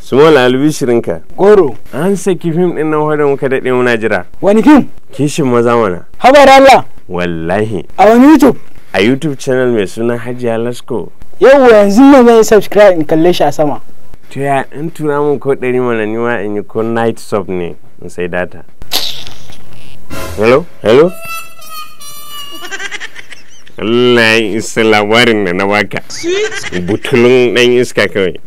Small albishirinka. Goro. An saki fim ɗin nan wadda muka daɗe muna jira. Wani fim? Kishin maza mana. Habar Allah. Wallahi. A wani YouTube? A YouTube channel mai suna Hajiya Lasko. Yau yanzu nan zan yi subscribe in kalle shi a sama. To ya in tura mun ko ɗari mana ni ma in yi ko night sub ne in sai data. Hello? Hello? Allah ya isa labarin da na baka. Butulun ɗan iska kawai.